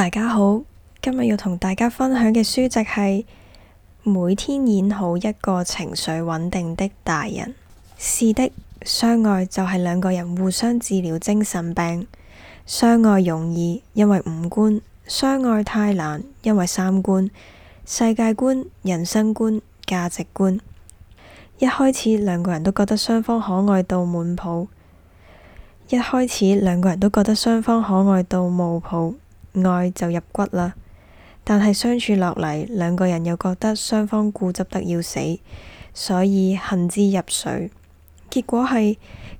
大家好，今日要同大家分享嘅書籍係《每天演好一個情緒穩定的大人》。是的，相愛就係兩個人互相治療精神病。相愛容易，因為五官；相愛太難，因為三觀：世界觀、人生觀、價值觀。一開始兩個人都覺得雙方可愛到滿譜，一開始兩個人都覺得雙方可愛到冇譜。愛就入骨啦，但係相處落嚟，兩個人又覺得雙方固執得要死，所以恨之入水。結果係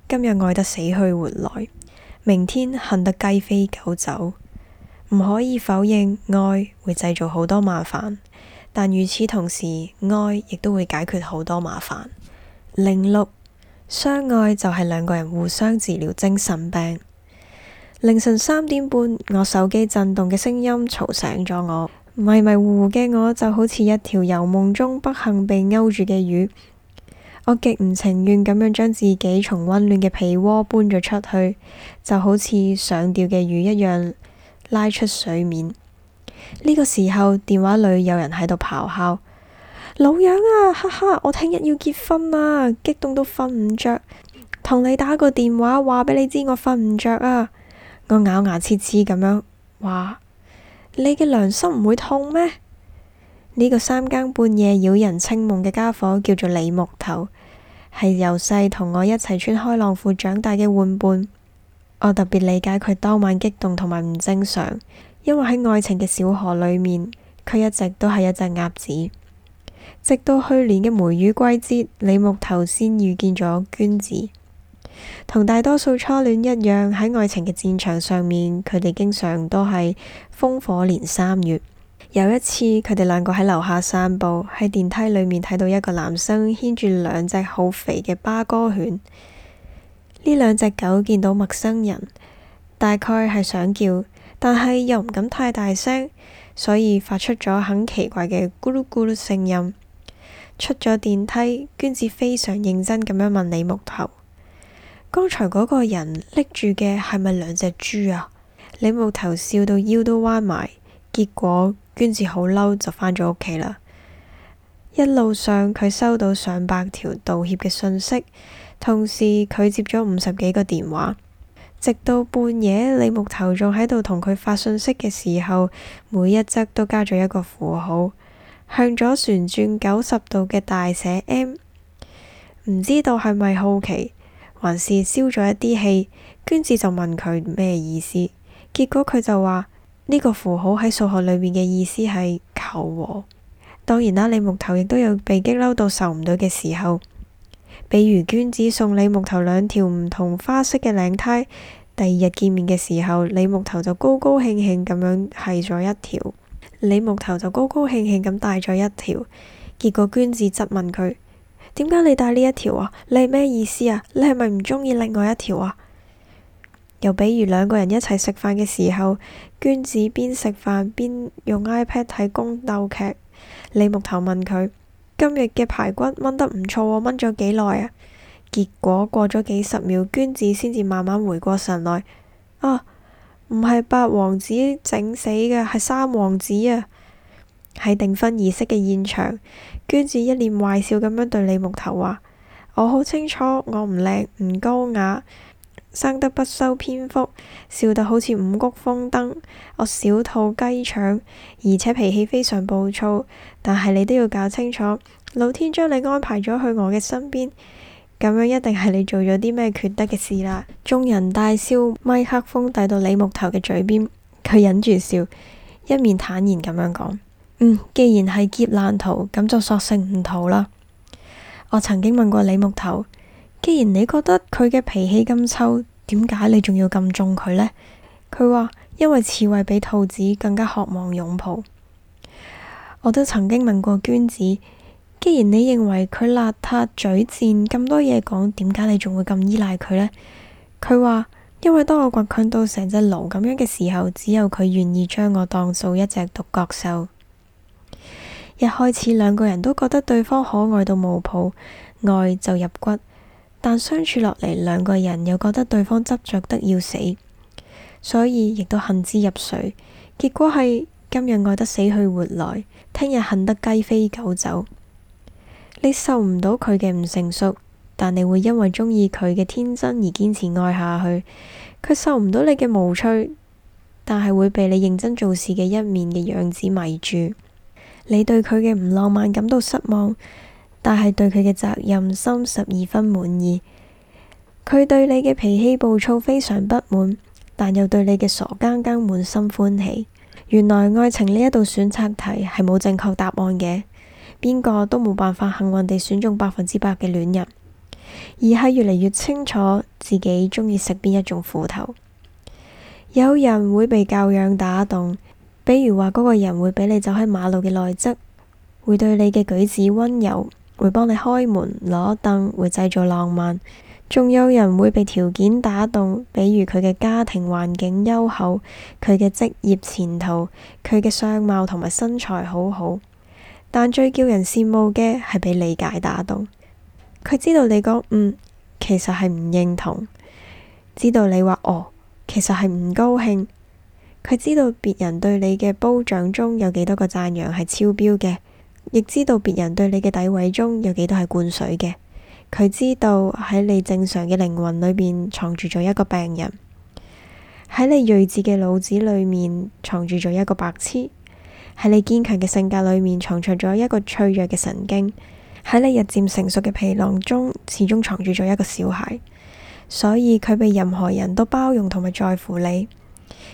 今日愛得死去活來，明天恨得雞飛狗走。唔可以否認愛會製造好多麻煩，但與此同時，愛亦都會解決好多麻煩。零六，相愛就係兩個人互相治療精神病。凌晨三點半，我手機震動嘅聲音吵醒咗我，迷迷糊糊嘅我就好似一條由夢中不幸被勾住嘅魚。我極唔情願咁樣將自己從溫暖嘅被窩搬咗出去，就好似上吊嘅魚一樣拉出水面。呢、這個時候，電話裏有人喺度咆哮：老楊啊，哈哈，我聽日要結婚啊，激動到瞓唔着，同你打個電話，話俾你知我瞓唔着啊！我咬牙切齒咁樣話：你嘅良心唔會痛咩？呢個三更半夜擾人清夢嘅家伙叫做李木頭，係由細同我一齊穿開浪褲長大嘅玩伴。我特別理解佢當晚激動同埋唔正常，因為喺愛情嘅小河裏面，佢一直都係一隻鴨子。直到去年嘅梅雨季節，李木頭先遇見咗娟子。同大多數初戀一樣，喺愛情嘅戰場上面，佢哋經常都係烽火連三月。有一次，佢哋兩個喺樓下散步，喺電梯裏面睇到一個男生牽住兩隻好肥嘅巴哥犬。呢兩隻狗見到陌生人，大概係想叫，但係又唔敢太大聲，所以發出咗很奇怪嘅咕嚕咕嚕聲音。出咗電梯，娟子非常認真咁樣問李木頭。剛才嗰個人拎住嘅係咪兩隻豬啊？李木頭笑到腰都彎埋，結果娟子好嬲，就返咗屋企啦。一路上佢收到上百條道歉嘅信息，同時佢接咗五十幾個電話，直到半夜，李木頭仲喺度同佢發信息嘅時候，每一則都加咗一個符號，向左旋轉九十度嘅大寫 M，唔知道係咪好奇？還是消咗一啲氣，娟子就問佢咩意思，結果佢就話呢個符號喺數學裏面嘅意思係求和。當然啦，李木頭亦都有被激嬲到受唔到嘅時候，比如娟子送李木頭兩條唔同花色嘅領呔，第二日見面嘅時候，李木頭就高高興興咁樣繫咗一條，李木頭就高高興興咁戴咗一條，結果娟子質問佢。點解你戴呢一條啊？你係咩意思啊？你係咪唔中意另外一條啊？又比如兩個人一齊食飯嘅時候，娟子邊食飯邊用 iPad 睇宮鬥劇，李木頭問佢：今日嘅排骨炆得唔錯？炆咗幾耐啊？結果過咗幾十秒，娟子先至慢慢回過神來。啊，唔係八王子整死嘅，係三王子啊，喺訂婚儀式嘅現場。娟子一臉壞笑咁樣對李木頭話：我好清楚，我唔靚唔高雅，生得不修邊幅，笑得好似五谷豐登，我小肚雞腸，而且脾氣非常暴躁。但係你都要搞清楚，老天將你安排咗去我嘅身邊，咁樣一定係你做咗啲咩缺德嘅事啦。眾人大笑，麥克風遞到李木頭嘅嘴邊，佢忍住笑，一面坦然咁樣講。嗯，既然係劫難逃，咁就索性唔逃啦。我曾經問過李木頭，「既然你覺得佢嘅脾氣咁臭，點解你仲要咁中佢呢？」佢話因為刺蝟比兔子更加渴望擁抱。我都曾經問過娟子，「既然你認為佢邋遢、嘴賤咁多嘢講，點解你仲會咁依賴佢呢？」佢話因為當我倔強到成隻狼咁樣嘅時候，只有佢願意將我當做一隻獨角獸。一開始兩個人都覺得對方可愛到冒泡，愛就入骨。但相處落嚟，兩個人又覺得對方執着得要死，所以亦都恨之入水。結果係今日愛得死去活來，聽日恨得雞飛狗走。你受唔到佢嘅唔成熟，但你會因為鍾意佢嘅天真而堅持愛下去。佢受唔到你嘅無趣，但係會被你認真做事嘅一面嘅樣子迷住。你對佢嘅唔浪漫感到失望，但係對佢嘅責任心十二分滿意。佢對你嘅脾氣暴躁非常不滿，但又對你嘅傻更更滿心歡喜。原來愛情呢一道選擇題係冇正確答案嘅，邊個都冇辦法幸運地選中百分之百嘅戀人。而係越嚟越清楚自己鍾意食邊一種苦頭，有人會被教養打動，比如話嗰個人會畀你走喺馬路嘅內側，會對你嘅舉止溫柔，會幫你開門攞凳，會製造浪漫。仲有人會被條件打動，比如佢嘅家庭環境優厚，佢嘅職業前途，佢嘅相貌同埋身材好好。但最叫人羨慕嘅係被理解打動。佢知道你講「嗯」，其實係唔認同；知道你話哦，其實係唔高興。佢知道別人對你嘅褒獎中有幾多個讚揚係超標嘅，亦知道別人對你嘅詆毀中有幾多係灌水嘅。佢知道喺你正常嘅靈魂裏面藏住咗一個病人，喺你睿智嘅腦子裏面藏住咗一個白痴，喺你堅強嘅性格裏面藏住咗一個脆弱嘅神經，喺你日漸成熟嘅皮囊中始終藏住咗一個小孩。所以佢比任何人都包容同埋在乎你。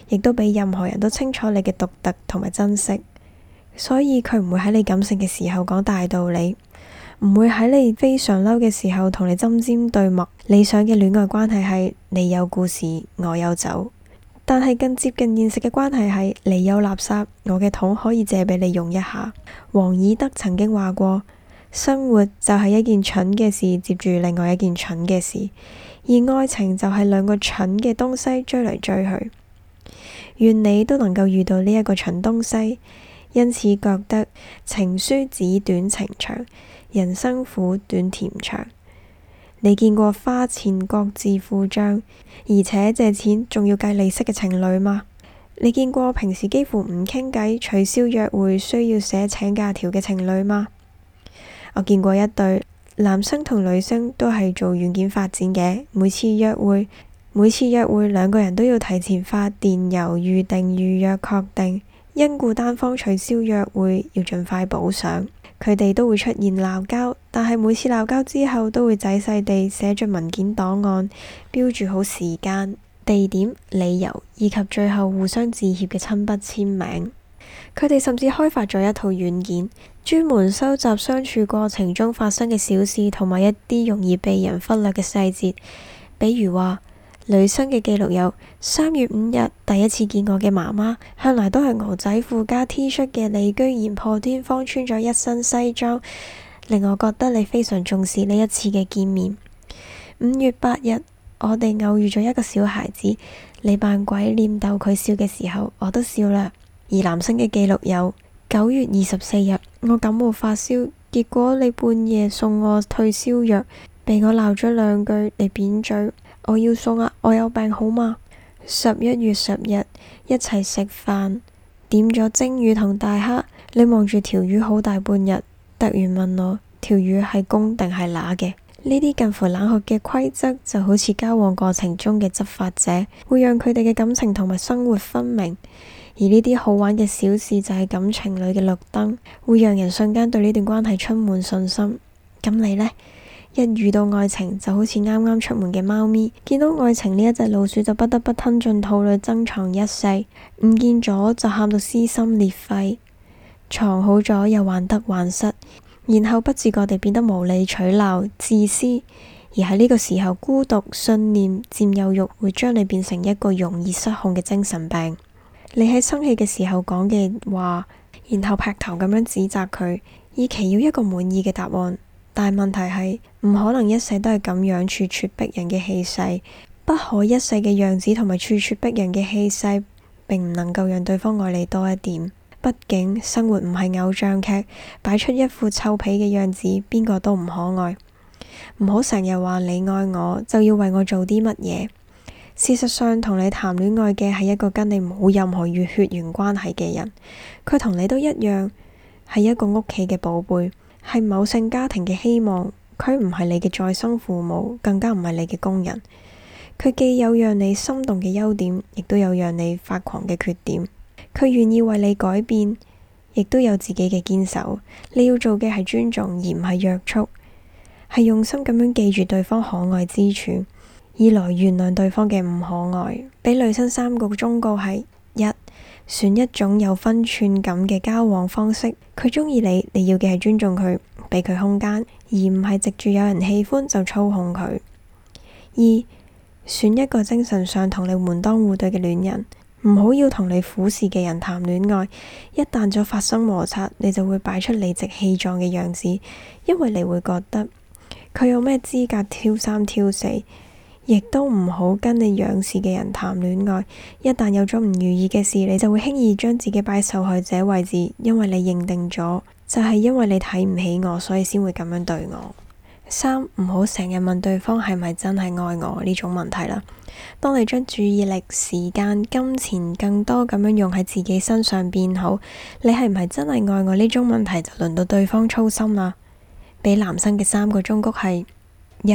亦都比任何人都清楚你嘅獨特同埋珍惜，所以佢唔會喺你感性嘅時候講大道理，唔會喺你非常嬲嘅時候同你針尖對目。理想嘅戀愛關係係你有故事，我有酒。但係更接近現實嘅關係係你有垃圾，我嘅桶可以借俾你用一下。王爾德曾經話過：生活就係一件蠢嘅事接住另外一件蠢嘅事，而愛情就係兩個蠢嘅東西追嚟追去。願你都能夠遇到呢一個蠢東西，因此覺得情書紙短情長，人生苦短甜長。你見過花錢各自付賬，而且借錢仲要計利息嘅情侶嗎？你見過平時幾乎唔傾偈，取消約會需要寫請假條嘅情侶嗎？我見過一對男生同女生都係做軟件發展嘅，每次約會。每次約會兩個人都要提前發電郵預定、預約確定，確定因故單方取消約會要盡快補上。佢哋都會出現鬧交，但係每次鬧交之後都會仔細地寫進文件檔案，標注好時間、地點、理由以及最後互相致歉嘅親筆簽名。佢哋甚至開發咗一套軟件，專門收集相處過程中發生嘅小事同埋一啲容易被人忽略嘅細節，比如話：女生嘅記錄有三月五日第一次見我嘅媽媽，向來都係牛仔褲加 T 恤嘅你，居然破天荒穿咗一身西裝，令我覺得你非常重視呢一次嘅見面。五月八日，我哋偶遇咗一個小孩子，你扮鬼臉逗佢笑嘅時候，我都笑啦。而男生嘅記錄有九月二十四日，我感冒發燒，結果你半夜送我退燒藥，被我鬧咗兩句，你扁嘴。我要送啊！我有病好嗎？十一月十日一齊食飯，點咗蒸魚同大蝦。你望住條魚好大半日，突然問我條魚係公定係乸嘅？呢啲近乎冷酷嘅規則就好似交往過程中嘅執法者，會讓佢哋嘅感情同埋生活分明。而呢啲好玩嘅小事就係感情裏嘅綠燈，會讓人瞬間對呢段關係充滿信心。咁你呢？一遇到愛情就好似啱啱出門嘅貓咪，見到愛情呢一隻老鼠就不得不吞進肚裏珍藏一世，唔見咗就喊到撕心裂肺，藏好咗又患得患失，然後不自覺地變得無理取鬧、自私，而喺呢個時候，孤獨、信念、佔有欲會將你變成一個容易失控嘅精神病。你喺生氣嘅時候講嘅話，然後劈頭咁樣指責佢，以期要一個滿意嘅答案。但係問題係唔可能一世都係咁樣咄咄逼人嘅氣勢，不可一世嘅樣子同埋咄咄逼人嘅氣勢，並唔能夠讓對方愛你多一點。畢竟生活唔係偶像劇，擺出一副臭屁嘅樣子，邊個都唔可愛。唔好成日話你愛我就要為我做啲乜嘢。事實上，同你談戀愛嘅係一個跟你冇任何血緣關係嘅人，佢同你都一樣係一個屋企嘅寶貝。係某性家庭嘅希望，佢唔係你嘅再生父母，更加唔係你嘅工人。佢既有讓你心動嘅優點，亦都有讓你發狂嘅缺點。佢願意為你改變，亦都有自己嘅堅守。你要做嘅係尊重，而唔係約束。係用心咁樣記住對方可愛之處，以來原諒對方嘅唔可愛。畀女生三個忠告係。選一種有分寸感嘅交往方式，佢鍾意你，你要嘅係尊重佢，畀佢空間，而唔係藉住有人喜歡就操控佢。二，選一個精神上同你門當戶對嘅戀人，唔好要同你俯視嘅人談戀愛。一旦咗發生摩擦，你就會擺出理直氣壯嘅樣子，因為你會覺得佢有咩資格挑三挑四。亦都唔好跟你仰視嘅人談戀愛，一旦有咗唔如意嘅事，你就會輕易將自己擺受害者位置，因為你認定咗就係、是、因為你睇唔起我，所以先會咁樣對我。三唔好成日問對方係唔係真係愛我呢種問題啦。當你將注意力、時間、金錢更多咁樣用喺自己身上變好，你係唔係真係愛我呢種問題就輪到對方操心啦。俾男生嘅三個忠告係。一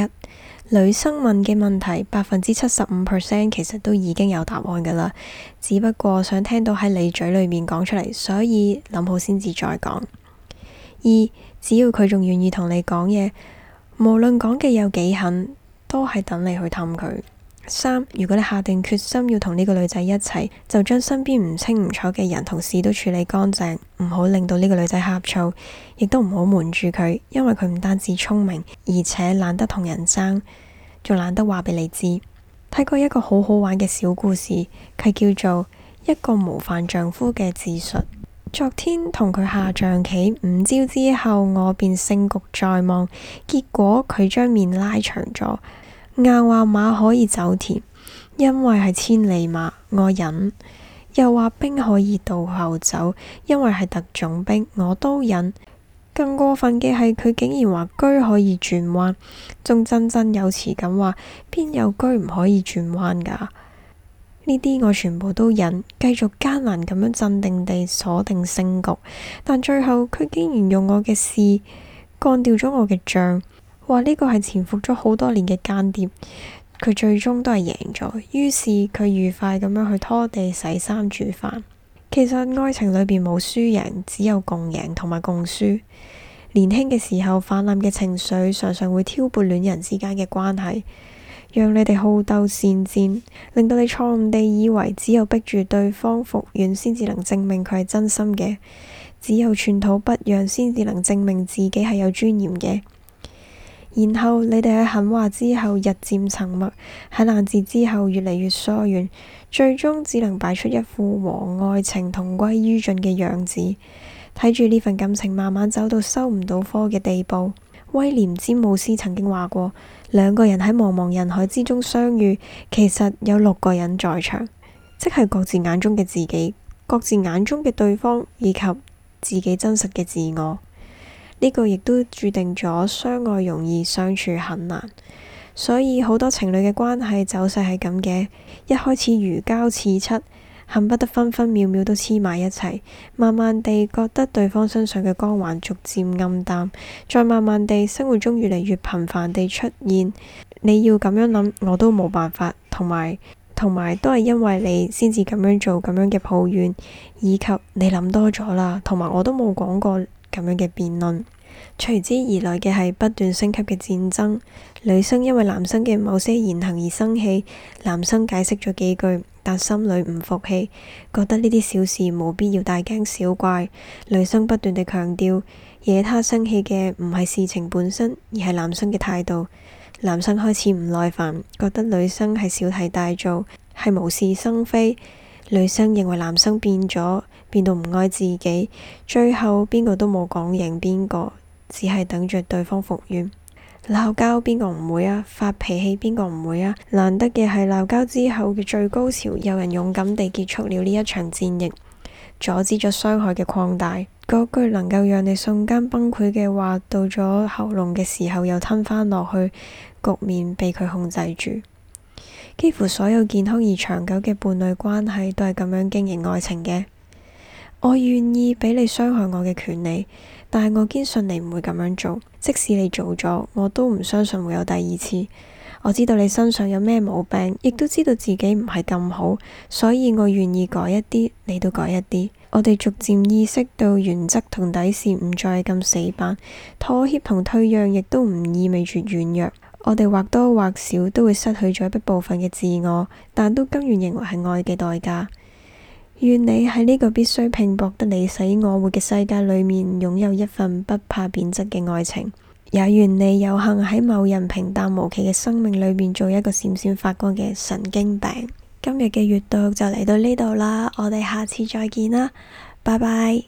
女生問嘅問題，百分之七十五 percent 其實都已經有答案噶啦，只不過想聽到喺你嘴裏面講出嚟，所以諗好先至再講。二只要佢仲願意同你講嘢，無論講嘅有幾狠，都係等你去氹佢。三，如果你下定決心要同呢個女仔一齊，就將身邊唔清唔楚嘅人同事都處理乾淨，唔好令到呢個女仔呷醋，亦都唔好瞞住佢，因為佢唔單止聰明，而且懶得同人爭，仲懶得話俾你知。睇過一個好好玩嘅小故事，佢叫做一個模範丈夫嘅自述。昨天同佢下象棋，五招之後，我便勝局在望，結果佢將面拉長咗。硬話、啊、馬可以走田，因為係千里馬，我忍；又話兵可以倒後走，因為係特種兵，我都忍。更過分嘅係，佢竟然話車可以轉彎，仲振振有詞咁話，邊有車唔可以轉彎噶？呢啲我全部都忍，繼續艱難咁樣鎮定地鎖定勝局，但最後佢竟然用我嘅士，幹掉咗我嘅將。話呢個係潛伏咗好多年嘅間諜，佢最終都係贏咗。於是佢愉快咁樣去拖地、洗衫、煮飯。其實愛情裏邊冇輸贏，只有共贏同埋共輸。年輕嘅時候泛濫嘅情緒，常常會挑撥戀人之間嘅關係，讓你哋好鬥善戰，令到你錯誤地以為只有逼住對方服軟先至能證明佢係真心嘅，只有寸土不讓先至能證明自己係有尊嚴嘅。然後你哋喺狠話之後日漸沉默，喺冷戰之後越嚟越疏遠，最終只能擺出一副和愛情同歸於盡嘅樣子，睇住呢份感情慢慢走到收唔到科嘅地步。威廉詹姆斯曾經話過：兩個人喺茫茫人海之中相遇，其實有六個人在場，即係各自眼中嘅自己、各自眼中嘅對方以及自己真實嘅自我。呢個亦都注定咗相愛容易相處很難，所以好多情侶嘅關係走勢係咁嘅。一開始如膠似漆，恨不得分分秒秒都黐埋一齊，慢慢地覺得對方身上嘅光環逐漸暗淡，再慢慢地生活中越嚟越頻繁地出現。你要咁樣諗，我都冇辦法，同埋同埋都係因為你先至咁樣做，咁樣嘅抱怨，以及你諗多咗啦，同埋我都冇講過咁樣嘅辯論。隨之而來嘅係不斷升級嘅戰爭。女生因為男生嘅某些言行而生氣，男生解釋咗幾句，但心裏唔服氣，覺得呢啲小事冇必要大驚小怪。女生不斷地強調，惹她生氣嘅唔係事情本身，而係男生嘅態度。男生開始唔耐煩，覺得女生係小題大做，係無事生非。女生認為男生變咗，變到唔愛自己。最後邊個都冇講贏邊個。只係等住對方服軟，鬧交邊個唔會啊，發脾氣邊個唔會啊。難得嘅係鬧交之後嘅最高潮，有人勇敢地結束了呢一場戰役，阻止咗傷害嘅擴大。嗰句能夠讓你瞬間崩潰嘅話，到咗喉嚨嘅時候又吞返落去，局面被佢控制住。幾乎所有健康而長久嘅伴侶關係都係咁樣經營愛情嘅。我願意俾你傷害我嘅權利。但係我堅信你唔會咁樣做，即使你做咗，我都唔相信會有第二次。我知道你身上有咩毛病，亦都知道自己唔係咁好，所以我願意改一啲，你都改一啲。我哋逐漸意識到原則同底線唔再咁死板，妥協同退讓亦都唔意味住軟弱。我哋或多或少都會失去咗一部分嘅自我，但都甘願認為係愛嘅代價。願你喺呢個必須拼搏得你死我活嘅世界裏面，擁有一份不怕貶值嘅愛情；也願你有幸喺某人平淡無奇嘅生命裏面，做一個閃閃發光嘅神經病。今日嘅閱讀就嚟到呢度啦，我哋下次再見啦，拜拜。